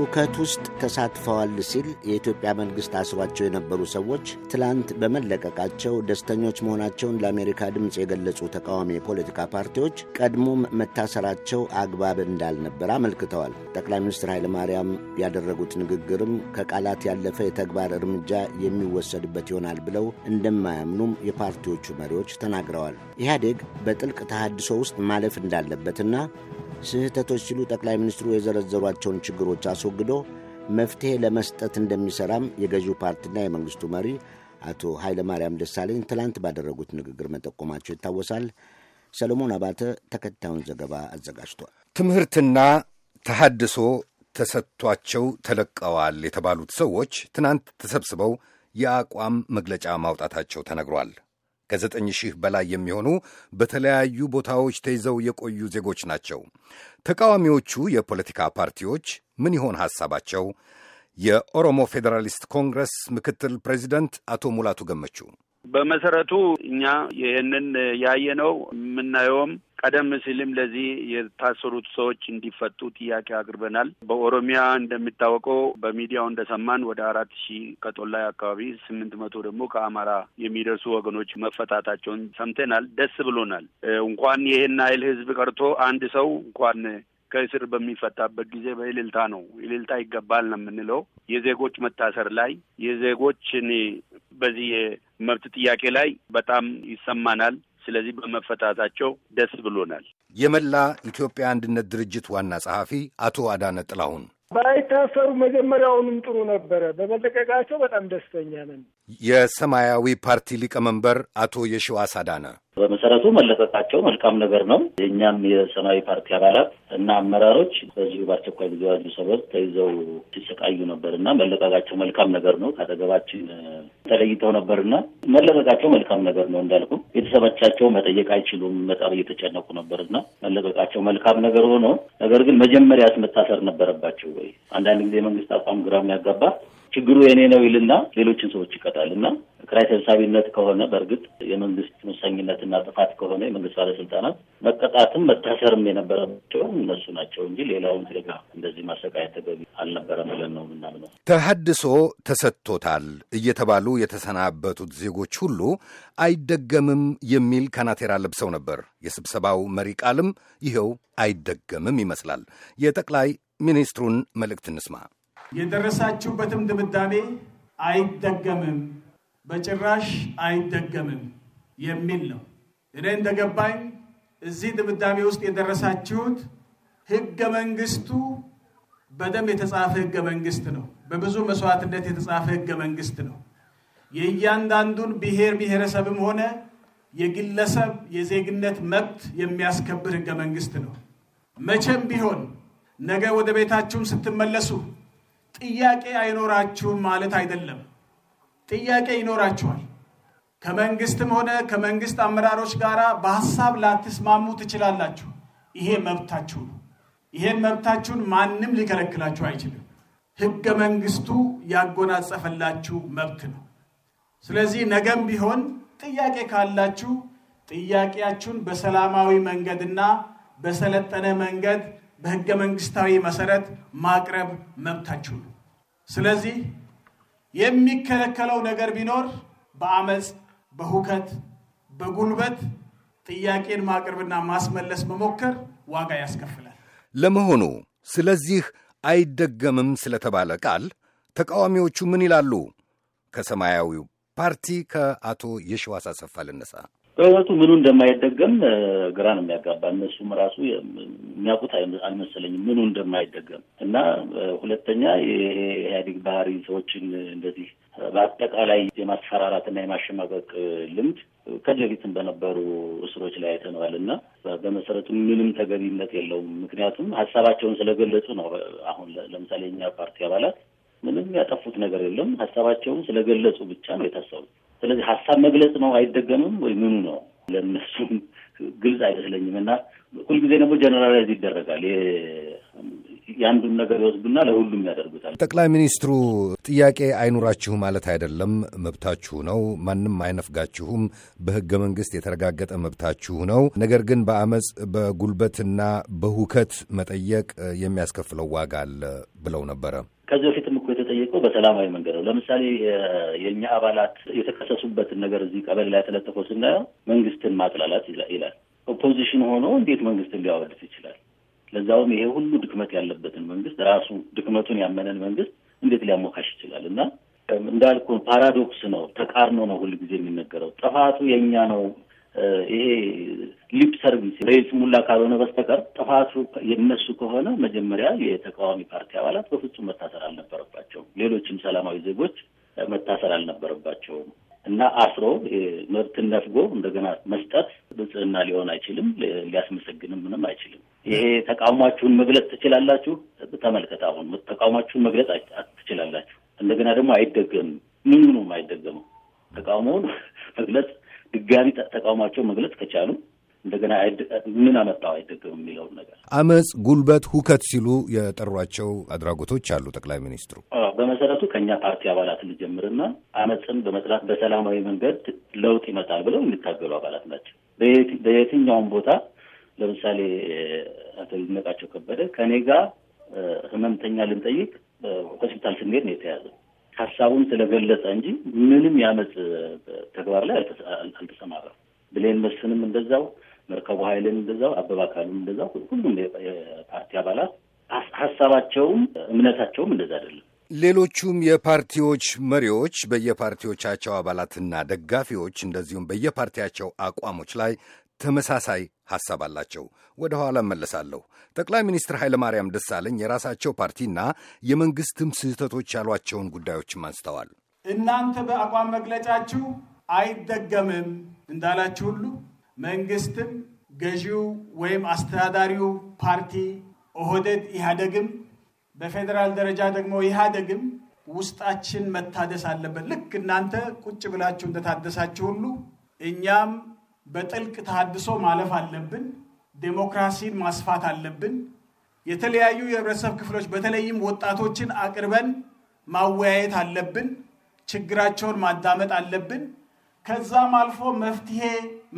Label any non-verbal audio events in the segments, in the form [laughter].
ሁከት ውስጥ ተሳትፈዋል ሲል የኢትዮጵያ መንግሥት አስሯቸው የነበሩ ሰዎች ትላንት በመለቀቃቸው ደስተኞች መሆናቸውን ለአሜሪካ ድምፅ የገለጹ ተቃዋሚ የፖለቲካ ፓርቲዎች ቀድሞም መታሰራቸው አግባብ እንዳልነበር አመልክተዋል። ጠቅላይ ሚኒስትር ኃይለ ማርያም ያደረጉት ንግግርም ከቃላት ያለፈ የተግባር እርምጃ የሚወሰድበት ይሆናል ብለው እንደማያምኑም የፓርቲዎቹ መሪዎች ተናግረዋል። ኢህአዴግ በጥልቅ ተሃድሶ ውስጥ ማለፍ እንዳለበትና ስህተቶች ሲሉ ጠቅላይ ሚኒስትሩ የዘረዘሯቸውን ችግሮች አስ አስወግዶ መፍትሔ ለመስጠት እንደሚሠራም የገዢው ፓርቲና የመንግሥቱ መሪ አቶ ማርያም ደሳለኝ ትላንት ባደረጉት ንግግር መጠቆማቸው ይታወሳል። ሰለሞን አባተ ተከታዩን ዘገባ አዘጋጅቷል። ትምህርትና ተሃድሶ ተሰጥቷቸው ተለቀዋል የተባሉት ሰዎች ትናንት ተሰብስበው የአቋም መግለጫ ማውጣታቸው ተነግሯል። ከዘጠኝ ሺህ በላይ የሚሆኑ በተለያዩ ቦታዎች ተይዘው የቆዩ ዜጎች ናቸው። ተቃዋሚዎቹ የፖለቲካ ፓርቲዎች ምን ይሆን ሐሳባቸው? የኦሮሞ ፌዴራሊስት ኮንግረስ ምክትል ፕሬዚደንት አቶ ሙላቱ ገመቹ በመሰረቱ እኛ ይህንን ያየነው የምናየውም ቀደም ሲልም ለዚህ የታሰሩት ሰዎች እንዲፈቱ ጥያቄ አቅርበናል። በኦሮሚያ እንደሚታወቀው በሚዲያው እንደሰማን ወደ አራት ሺህ ከጦላይ አካባቢ ስምንት መቶ ደግሞ ከአማራ የሚደርሱ ወገኖች መፈታታቸውን ሰምተናል። ደስ ብሎናል። እንኳን ይህን ኃይል ህዝብ ቀርቶ አንድ ሰው እንኳን ከእስር በሚፈታበት ጊዜ በእልልታ ነው። እልልታ ይገባል ነው የምንለው። የዜጎች መታሰር ላይ የዜጎችን በዚህ መብት ጥያቄ ላይ በጣም ይሰማናል። ስለዚህ በመፈታታቸው ደስ ብሎናል። የመላ ኢትዮጵያ አንድነት ድርጅት ዋና ጸሐፊ አቶ አዳነ ጥላሁን ባይታሰሩ መጀመሪያውንም ጥሩ ነበረ። በመለቀቃቸው በጣም ደስተኛ ነን። የሰማያዊ ፓርቲ ሊቀመንበር አቶ የሺዋስ አዳነ በመሰረቱ መለቀቃቸው መልካም ነገር ነው። የእኛም የሰማያዊ ፓርቲ አባላት እና አመራሮች በዚሁ በአስቸኳይ ጊዜ አዋጁ ሰበብ ተይዘው ሲሰቃዩ ነበር እና መለቀቃቸው መልካም ነገር ነው። ከአጠገባችን ተለይተው ነበር እና መለቀቃቸው መልካም ነገር ነው። እንዳልኩ ቤተሰቦቻቸው መጠየቅ አይችሉም። በጣም እየተጨነቁ ነበር እና መለቀቃቸው መልካም ነገር ሆኖ ነገር ግን መጀመሪያስ መታሰር ነበረባቸው ወይ? አንዳንድ ጊዜ የመንግስት አቋም ግራም ያጋባ ችግሩ የኔ ነው ይልና ሌሎችን ሰዎች ይቀጣል እና ክራይ ሰብሳቢነት ከሆነ በእርግጥ የመንግስት ሙሰኝነትና ጥፋት ከሆነ የመንግስት ባለስልጣናት መቀጣትም መታሰርም የነበረባቸው እነሱ ናቸው እንጂ ሌላውን ዜጋ እንደዚህ ማሰቃየት ተገቢ አልነበረም ብለን ነው የምናምነው። ተሀድሶ ተሰጥቶታል እየተባሉ የተሰናበቱት ዜጎች ሁሉ አይደገምም የሚል ካናቴራ ለብሰው ነበር። የስብሰባው መሪ ቃልም ይኸው አይደገምም ይመስላል። የጠቅላይ ሚኒስትሩን መልእክት እንስማ። የደረሳችሁበትም ድምዳሜ አይደገምም፣ በጭራሽ አይደገምም የሚል ነው። እኔ እንደገባኝ እዚህ ድምዳሜ ውስጥ የደረሳችሁት ህገ መንግስቱ በደም የተጻፈ ህገ መንግስት ነው። በብዙ መስዋዕትነት የተጻፈ ህገ መንግስት ነው። የእያንዳንዱን ብሔር ብሔረሰብም ሆነ የግለሰብ የዜግነት መብት የሚያስከብር ህገ መንግስት ነው። መቼም ቢሆን ነገ ወደ ቤታችሁም ስትመለሱ ጥያቄ አይኖራችሁም ማለት አይደለም። ጥያቄ ይኖራችኋል። ከመንግስትም ሆነ ከመንግስት አመራሮች ጋር በሀሳብ ላትስማሙ ትችላላችሁ። ይሄ መብታችሁ ነው። ይሄን መብታችሁን ማንም ሊከለክላችሁ አይችልም። ህገ መንግስቱ ያጎናጸፈላችሁ መብት ነው። ስለዚህ ነገም ቢሆን ጥያቄ ካላችሁ ጥያቄያችሁን በሰላማዊ መንገድና በሰለጠነ መንገድ በህገ መንግስታዊ መሰረት ማቅረብ መብታችሁ ነው። ስለዚህ የሚከለከለው ነገር ቢኖር በአመፅ፣ በሁከት፣ በጉልበት ጥያቄን ማቅረብና ማስመለስ መሞከር ዋጋ ያስከፍላል። ለመሆኑ ስለዚህ አይደገምም ስለተባለ ቃል ተቃዋሚዎቹ ምን ይላሉ? ከሰማያዊው ፓርቲ ከአቶ የሸዋስ አሰፋ ልነሳ። በእውነቱ ምኑ እንደማይደገም ግራ ነው የሚያጋባ። እነሱም ራሱ የሚያውቁት አልመሰለኝም ምኑ እንደማይደገም እና ሁለተኛ የኢህአዴግ ባህሪ ሰዎችን እንደዚህ በአጠቃላይ የማስፈራራትና የማሸማቀቅ ልምድ ከለፊትም በነበሩ እስሮች ላይ አይተነዋል እና በመሰረቱ ምንም ተገቢነት የለውም። ምክንያቱም ሀሳባቸውን ስለገለጹ ነው። አሁን ለምሳሌ የኛ ፓርቲ አባላት ምንም ያጠፉት ነገር የለም። ሀሳባቸውን ስለገለጹ ብቻ ነው የታሰሩት። ስለዚህ ሀሳብ መግለጽ ነው አይደገምም ወይ ምኑ ነው ለእነሱም ግልጽ አይመስለኝም። እና ሁልጊዜ ደግሞ ጀነራላይዝ ይደረጋል። የአንዱን ነገር ይወስዱና ለሁሉም ያደርጉታል። ጠቅላይ ሚኒስትሩ ጥያቄ አይኑራችሁ ማለት አይደለም፣ መብታችሁ ነው። ማንም አይነፍጋችሁም። በህገ መንግስት የተረጋገጠ መብታችሁ ነው። ነገር ግን በአመፅ በጉልበትና በሁከት መጠየቅ የሚያስከፍለው ዋጋ አለ ብለው ነበረ ከዚህ በፊት ተጠይቆ በሰላማዊ መንገድ ነው። ለምሳሌ የእኛ አባላት የተከሰሱበትን ነገር እዚህ ቀበሌ ላይ ተለጥፎ ስናየው መንግስትን ማጥላላት ይላል። ኦፖዚሽን ሆኖ እንዴት መንግስትን ሊያወድስ ይችላል? ለዛውም ይሄ ሁሉ ድክመት ያለበትን መንግስት ራሱ ድክመቱን ያመነን መንግስት እንዴት ሊያሞካሽ ይችላል? እና እንዳልኩ ፓራዶክስ ነው፣ ተቃርኖ ነው ሁልጊዜ የሚነገረው። ጥፋቱ የእኛ ነው ይሄ ሊፕ ሰርቪስ ሬስ ሙላ ካልሆነ በስተቀር ጥፋቱ የነሱ ከሆነ መጀመሪያ የተቃዋሚ ፓርቲ አባላት በፍጹም መታሰር አልነበረባቸውም። ሌሎችም ሰላማዊ ዜጎች መታሰር አልነበረባቸውም እና አስሮ መብትን ነፍጎ እንደገና መስጠት ብጽህና ሊሆን አይችልም። ሊያስመሰግንም ምንም አይችልም። ይሄ ተቃውሟችሁን መግለጽ ትችላላችሁ። ተመልከት፣ አሁን ተቃውሟችሁን መግለጽ ትችላላችሁ። እንደገና ደግሞ አይደገምም። ምንም አይደገምም። ተቃውሞውን [laughs] መግለጽ ድጋሚ ተቃውሟቸው መግለጽ ከቻሉ እንደገና ምን አመጣው አይደገም የሚለውን ነገር አመፅ፣ ጉልበት፣ ሁከት ሲሉ የጠሯቸው አድራጎቶች አሉ። ጠቅላይ ሚኒስትሩ በመሰረቱ ከእኛ ፓርቲ አባላት እንጀምርና አመፅን በመጥላት በሰላማዊ መንገድ ለውጥ ይመጣል ብለው የሚታገሉ አባላት ናቸው። በየትኛውም ቦታ ለምሳሌ አቶ ይድነቃቸው ከበደ ከእኔ ጋር ህመምተኛ ልንጠይቅ ሆስፒታል ስንሄድ ነው የተያዘው። ሀሳቡን ስለገለጸ እንጂ ምንም ያመፅ ተግባር ላይ አልተሰማራም። ብሌን መስፍንም እንደዛው፣ መርከቡ ኃይልን እንደዛው፣ አበባ ካሉም እንደዛው፣ ሁሉም የፓርቲ አባላት ሀሳባቸውም እምነታቸውም እንደዛ አይደለም። ሌሎቹም የፓርቲዎች መሪዎች በየፓርቲዎቻቸው አባላትና ደጋፊዎች እንደዚሁም በየፓርቲያቸው አቋሞች ላይ ተመሳሳይ ሐሳብ አላቸው። ወደ ኋላ መለሳለሁ። ጠቅላይ ሚኒስትር ኃይለማርያም ደሳለኝ የራሳቸው ፓርቲና የመንግሥትም ስህተቶች ያሏቸውን ጉዳዮችም አንስተዋል። እናንተ በአቋም መግለጫችሁ አይደገምም እንዳላችሁ ሁሉ መንግስትም ገዢው ወይም አስተዳዳሪው ፓርቲ ኦህደድ ኢህአደግም በፌዴራል ደረጃ ደግሞ ኢህአደግም ውስጣችን መታደስ አለበት። ልክ እናንተ ቁጭ ብላችሁ እንደታደሳችሁ ሁሉ እኛም በጥልቅ ተሃድሶ ማለፍ አለብን። ዴሞክራሲን ማስፋት አለብን። የተለያዩ የህብረተሰብ ክፍሎች በተለይም ወጣቶችን አቅርበን ማወያየት አለብን። ችግራቸውን ማዳመጥ አለብን። ከዛም አልፎ መፍትሄ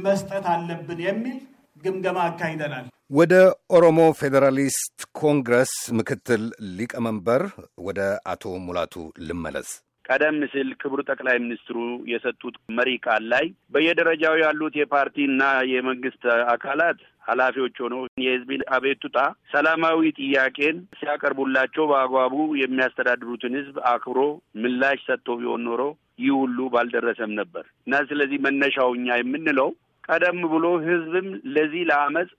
መስጠት አለብን የሚል ግምገማ አካሂደናል። ወደ ኦሮሞ ፌዴራሊስት ኮንግረስ ምክትል ሊቀመንበር ወደ አቶ ሙላቱ ልመለስ። ቀደም ሲል ክቡር ጠቅላይ ሚኒስትሩ የሰጡት መሪ ቃል ላይ በየደረጃው ያሉት የፓርቲና የመንግስት አካላት ኃላፊዎች ሆነው የህዝብን አቤቱታ ሰላማዊ ጥያቄን ሲያቀርቡላቸው በአግባቡ የሚያስተዳድሩትን ህዝብ አክብሮ ምላሽ ሰጥቶ ቢሆን ኖሮ ይህ ሁሉ ባልደረሰም ነበር እና ስለዚህ መነሻው እኛ የምንለው ቀደም ብሎ ህዝብም ለዚህ ለአመፅ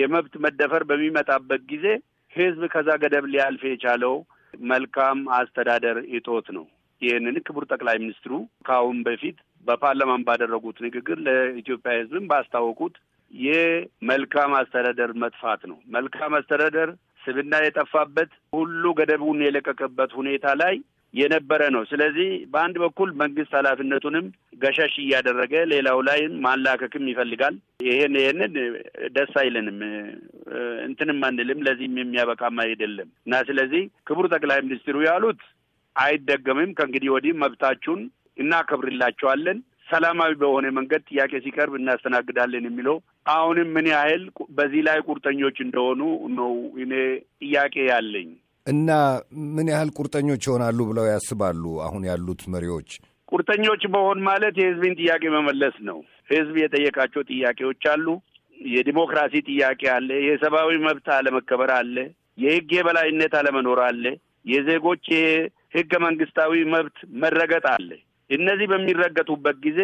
የመብት መደፈር በሚመጣበት ጊዜ ህዝብ ከዛ ገደብ ሊያልፍ የቻለው መልካም አስተዳደር እጦት ነው። ይህንን ክቡር ጠቅላይ ሚኒስትሩ ከአሁን በፊት በፓርላማን ባደረጉት ንግግር ለኢትዮጵያ ሕዝብም ባስታወቁት የመልካም አስተዳደር መጥፋት ነው። መልካም አስተዳደር ስብና የጠፋበት ሁሉ ገደቡን የለቀቀበት ሁኔታ ላይ የነበረ ነው። ስለዚህ በአንድ በኩል መንግስት ኃላፊነቱንም ገሸሽ እያደረገ ሌላው ላይም ማላከክም ይፈልጋል። ይሄን ይሄንን ደስ አይለንም፣ እንትንም አንልም። ለዚህም የሚያበቃም አይደለም እና ስለዚህ ክቡር ጠቅላይ ሚኒስትሩ ያሉት አይደገምም። ከእንግዲህ ወዲህ መብታችሁን እናከብርላቸዋለን፣ ሰላማዊ በሆነ መንገድ ጥያቄ ሲቀርብ እናስተናግዳለን የሚለው አሁንም ምን ያህል በዚህ ላይ ቁርጠኞች እንደሆኑ ነው እኔ ጥያቄ ያለኝ። እና ምን ያህል ቁርጠኞች ይሆናሉ ብለው ያስባሉ? አሁን ያሉት መሪዎች ቁርጠኞች መሆን ማለት የህዝብን ጥያቄ መመለስ ነው። ህዝብ የጠየቃቸው ጥያቄዎች አሉ። የዲሞክራሲ ጥያቄ አለ። የሰብአዊ መብት አለመከበር አለ። የህግ የበላይነት አለመኖር አለ። የዜጎች ህገ መንግስታዊ መብት መረገጥ አለ። እነዚህ በሚረገጡበት ጊዜ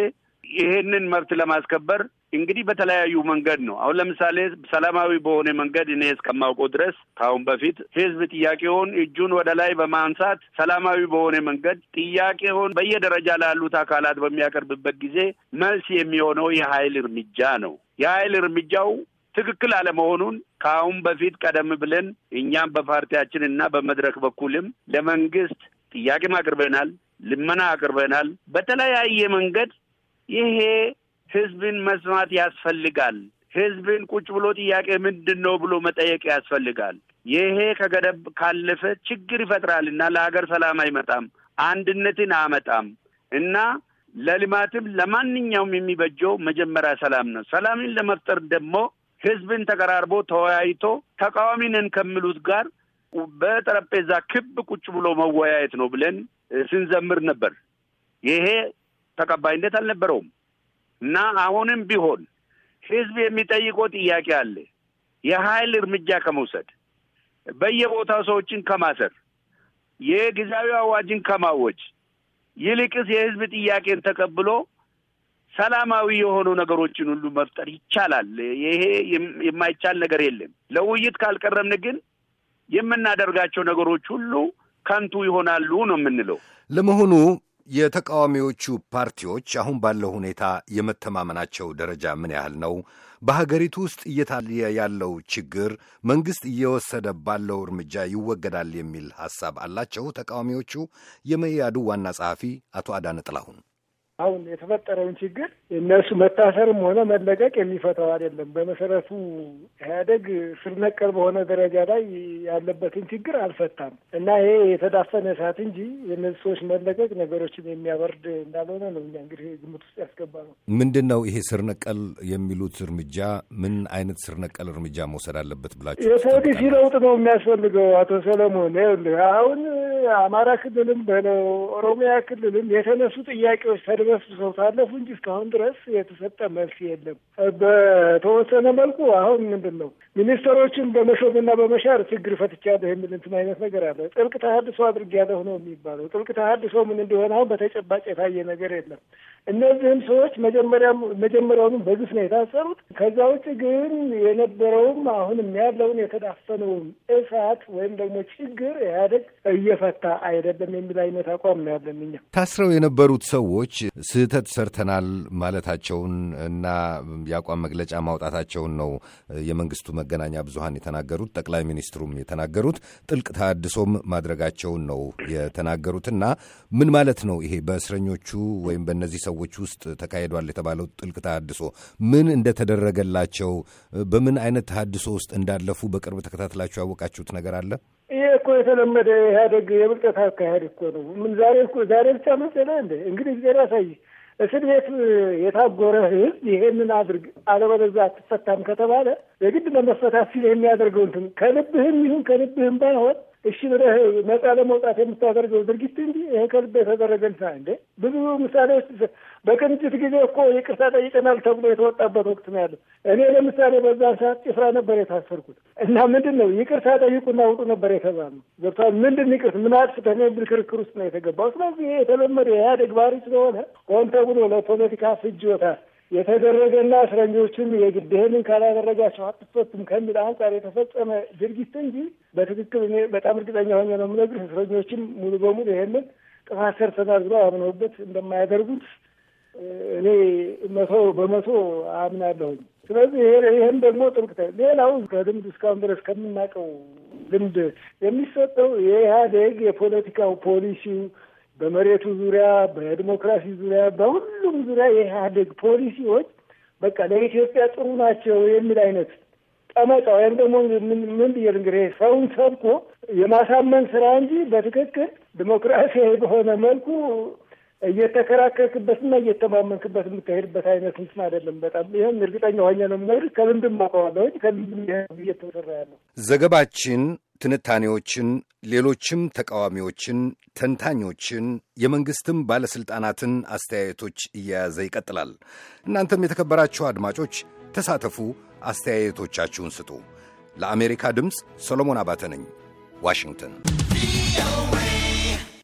ይሄንን መብት ለማስከበር እንግዲህ በተለያዩ መንገድ ነው። አሁን ለምሳሌ ሰላማዊ በሆነ መንገድ እኔ እስከማውቀው ድረስ ከአሁን በፊት ህዝብ ጥያቄውን እጁን ወደ ላይ በማንሳት ሰላማዊ በሆነ መንገድ ጥያቄውን በየደረጃ ላሉት አካላት በሚያቀርብበት ጊዜ መልስ የሚሆነው የኃይል እርምጃ ነው። የኃይል እርምጃው ትክክል አለመሆኑን ከአሁን በፊት ቀደም ብለን እኛም በፓርቲያችን እና በመድረክ በኩልም ለመንግስት ጥያቄም አቅርበናል፣ ልመና አቅርበናል። በተለያየ መንገድ ይሄ ህዝብን መስማት ያስፈልጋል። ህዝብን ቁጭ ብሎ ጥያቄ ምንድን ነው ብሎ መጠየቅ ያስፈልጋል። ይሄ ከገደብ ካለፈ ችግር ይፈጥራል እና ለሀገር ሰላም አይመጣም፣ አንድነትን አመጣም እና ለልማትም ለማንኛውም የሚበጀው መጀመሪያ ሰላም ነው። ሰላምን ለመፍጠር ደግሞ ህዝብን ተቀራርቦ ተወያይቶ ተቃዋሚ ነን ከሚሉት ጋር በጠረጴዛ ክብ ቁጭ ብሎ መወያየት ነው ብለን ስንዘምር ነበር። ይሄ ተቀባይነት አልነበረውም እና አሁንም ቢሆን ህዝብ የሚጠይቀው ጥያቄ አለ። የኃይል እርምጃ ከመውሰድ በየቦታው ሰዎችን ከማሰር የጊዜያዊ አዋጅን ከማወጅ ይልቅስ የህዝብ ጥያቄን ተቀብሎ ሰላማዊ የሆኑ ነገሮችን ሁሉ መፍጠር ይቻላል። ይሄ የማይቻል ነገር የለም። ለውይይት ካልቀረምን ግን የምናደርጋቸው ነገሮች ሁሉ ከንቱ ይሆናሉ ነው የምንለው። ለመሆኑ የተቃዋሚዎቹ ፓርቲዎች አሁን ባለው ሁኔታ የመተማመናቸው ደረጃ ምን ያህል ነው? በሀገሪቱ ውስጥ እየታየ ያለው ችግር መንግሥት እየወሰደ ባለው እርምጃ ይወገዳል የሚል ሐሳብ አላቸው ተቃዋሚዎቹ? የመያዱ ዋና ጸሐፊ አቶ አዳነ ጥላሁን አሁን የተፈጠረውን ችግር እነሱ መታሰርም ሆነ መለቀቅ የሚፈታው አይደለም። በመሰረቱ ኢህአደግ ስር ነቀል በሆነ ደረጃ ላይ ያለበትን ችግር አልፈታም እና ይሄ የተዳፈነ እሳት እንጂ የእነዚህ ሰዎች መለቀቅ ነገሮችን የሚያበርድ እንዳልሆነ ነው እኛ እንግዲህ ግምት ውስጥ ያስገባ ነው። ምንድን ነው ይሄ ስር ነቀል የሚሉት እርምጃ? ምን አይነት ስር ነቀል እርምጃ መውሰድ አለበት ብላችሁ? የፖሊሲ ለውጥ ነው የሚያስፈልገው አቶ ሰለሞን። ይኸውልህ አሁን አማራ ክልልም በለው ኦሮሚያ ክልልም የተነሱ ጥያቄዎች በስብሰው ሳለፉ እንጂ እስካሁን ድረስ የተሰጠ መልስ የለም። በተወሰነ መልኩ አሁን ምንድን ነው ሚኒስትሮችን በመሾምና በመሻር ችግር ፈትቻለሁ የሚል እንትን አይነት ነገር አለ። ጥልቅ ተሀድሶ አድርጌያለሁ ነው የሚባለው። ጥልቅ ተሀድሶ ምን እንደሆነ አሁን በተጨባጭ የታየ ነገር የለም። እነዚህም ሰዎች መጀመሪያውኑ በግፍ ነው የታሰሩት። ከዛ ውጭ ግን የነበረውም አሁንም ያለውን የተዳፈነውም እሳት ወይም ደግሞ ችግር ኢህአዴግ እየፈታ አይደለም የሚል አይነት አቋም ነው ያለን እኛ ታስረው የነበሩት ሰዎች ስህተት ሰርተናል ማለታቸውን እና የአቋም መግለጫ ማውጣታቸውን ነው የመንግስቱ መገናኛ ብዙሃን የተናገሩት። ጠቅላይ ሚኒስትሩም የተናገሩት ጥልቅ ተሃድሶም ማድረጋቸውን ነው የተናገሩት እና ምን ማለት ነው ይሄ በእስረኞቹ ወይም በእነዚህ ሰዎች ውስጥ ተካሂዷል የተባለው ጥልቅ ተሃድሶ ምን እንደተደረገላቸው፣ በምን አይነት ተሃድሶ ውስጥ እንዳለፉ በቅርብ ተከታትላችሁ ያወቃችሁት ነገር አለ? ይሄ እኮ የተለመደ ኢህአደግ የብልጠት አካሄድ እኮ ነው። ምን ዛሬ እኮ ዛሬ ብቻ መሰለህ እንደ እንግዲህ ዜና ያሳይ እስር ቤት የታጎረ ህዝብ ይሄንን አድርግ አለበለዚያ አትፈታም ከተባለ የግድ ለመፈታት ሲል የሚያደርገው እንትን ከልብህም ይሁን ከልብህም ባይሆን እሺ ብለህ ነጻ ለመውጣት የምታደርገው ድርጊት እንጂ ይሄ ከልብ የተደረገ ልሳ እንዴ? ብዙ ምሳሌዎች በቅንጅት ጊዜ እኮ ይቅርታ ጠይቀናል ተብሎ የተወጣበት ወቅት ነው ያለው። እኔ ለምሳሌ በዛ ሰዓት ጭፍራ ነበር የታሰርኩት እና ምንድን ነው ይቅርታ ጠይቁና ውጡ ነበር የተባለው። ገብቷል። ምንድን ይቅርት ምን አጥፍተህ ነው የሚል ክርክር ውስጥ ነው የተገባው። ስለዚህ የተለመደ የኢህአዴግ ባህሪ ስለሆነ ሆን ተብሎ ለፖለቲካ ፍጆታ የተደረገና እስረኞቹም የግድ ይህንን ካላደረጋቸው አትፈቱም ከሚል አንጻር የተፈጸመ ድርጊት እንጂ በትክክል እኔ በጣም እርግጠኛ ሆኜ ነው የምነግርህ እስረኞችም ሙሉ በሙሉ ይሄንን ጥፋት ሰርተናል ብለው አምነውበት እንደማያደርጉት እኔ መቶ በመቶ አምናለሁኝ። ስለዚህ ይህም ደግሞ ጥንቅተ ሌላው ከልምድ እስካሁን ድረስ ከምናውቀው ልምድ የሚሰጠው የኢህአዴግ የፖለቲካው ፖሊሲው በመሬቱ ዙሪያ፣ በዲሞክራሲ ዙሪያ፣ በሁሉም ዙሪያ የኢህአዴግ ፖሊሲዎች በቃ ለኢትዮጵያ ጥሩ ናቸው የሚል አይነት ጠመጣ ወይም ደግሞ ምን ብዬ እንግዲህ ሰውን ሰብኮ የማሳመን ስራ እንጂ በትክክል ዲሞክራሲያዊ በሆነ መልኩ እየተከራከርክበትና እየተማመንክበት የምታሄድበት አይነት እንትን አይደለም። በጣም ይህም እርግጠኛ ሆኜ ነው የምነግርህ። ከልምድም አውቀዋለሁ። ከልምድም እየተሰራ ያለው ዘገባችን ትንታኔዎችን፣ ሌሎችም ተቃዋሚዎችን፣ ተንታኞችን፣ የመንግሥትም ባለሥልጣናትን አስተያየቶች እየያዘ ይቀጥላል። እናንተም የተከበራችሁ አድማጮች ተሳተፉ፣ አስተያየቶቻችሁን ስጡ። ለአሜሪካ ድምፅ ሰሎሞን አባተ ነኝ ዋሽንግተን